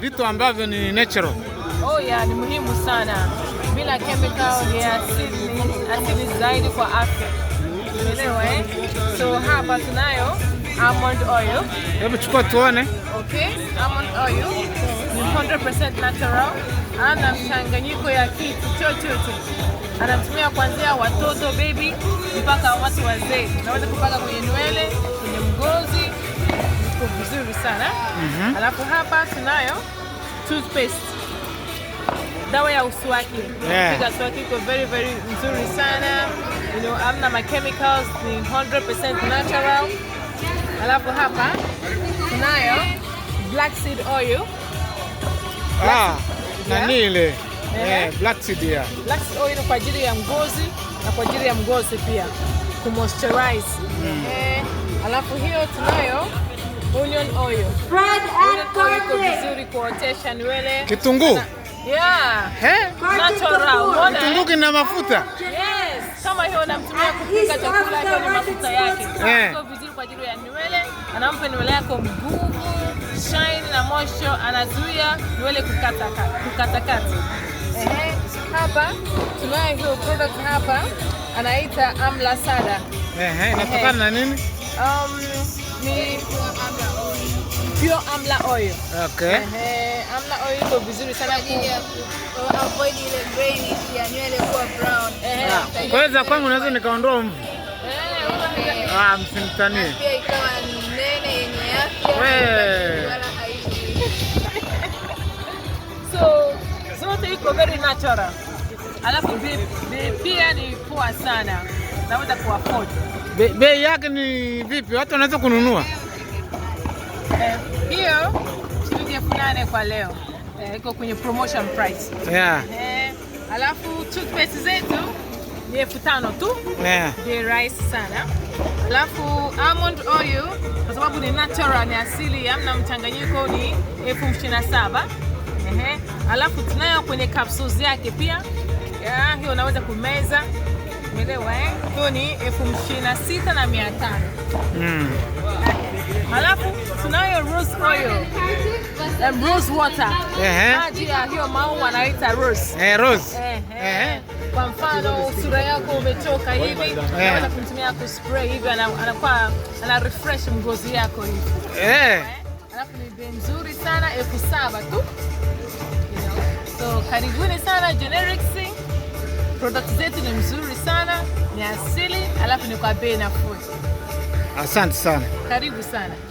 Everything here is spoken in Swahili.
vitu ambavyo ni natural. Oh ya, ni muhimu sana, bila chemical, ni asili, asili zaidi kwa afya. Umeelewa eh? So hapa tunayo almond oil. Hebu chukua tuone. Okay, almond oil ni 100% natural, ana mchanganyiko ya kitu chochote anatumia kuanzia watoto baby mpaka watu wazee. Unaweza kupaka kwenye nywele, kwenye ngozi, iko vizuri sana mm -hmm. Alafu hapa tunayo toothpaste, dawa ya uswaki yeah. Piga swaki iko very very nzuri sana you know, amna ma chemicals, ni 100% natural. Alafu hapa tunayo black seed oil ah, nani ile eh. yeah. Black seed ya Black seed oil kwa ajili ya ngozi na kwa ajili ya ngozi pia moisturize mm. Eh, alafu hiyo tunayo Onion oil. Bread and garlic. Vizuri kuotesha nywele. Kitunguu. Yeah. He? Natural. Kitunguu kina mafuta. Yes. Kama hiyo unamtumia kupika chakula hiyo ni mafuta yake. Kwa vizuri kwa ajili ya nywele, anampa nywele yako nguvu, shine na mosho, anazuia nywele kukata kukata Eh, hapa tunayo hiyo product hapa anaita Amla Sada. Eh, na nini? Um, ni pure amla oil. Okay. Ehe, amla oil iko vizuri sana ku avoid ile grain ya nywele kuwa brown. Ehe. Ah. Kwa hiyo kwangu naweza nikaondoa mvu. Eh. Ah, msimtanie. Pia ikawa nene yenye afya. Wewe. So, zote iko very natural. Alafu pia ni poa sana naweza kuafford. Bei yake ni vipi? Watu wanaweza kununua eh, hiyo shilingi elfu nane kwa leo eh, iko kwenye promotion price. Yeah. Eh, alafu toothpaste zetu ni elfu tano tu. Yeah. Ni rahisi sana. Alafu almond oil kwa sababu ni natural, ni asili, hamna mchanganyiko, ni elfu ishirini na saba. Ehe. Alafu tunayo kwenye capsules yake pia. Yeah, hiyo unaweza kumeza Umeelewa eh? Hiyo ni elfu ishirini na sita na mia tano. Mm. Halafu tunayo rose oil. Um, rose water. Eh. Maji ya hiyo maua wanaita rose. Eh, rose. Eh. Kwa mfano sura yako umechoka hivi, eh. unaweza kumtumia ku spray hivi anakuwa ana refresh ngozi yako hivi. Eh. eh. Alafu ni bei nzuri sana elfu saba tu. So karibuni sana generics Product zetu ni mzuri sana, ni asili, alafu ni kwa bei nafuu. Asante sana, karibu sana.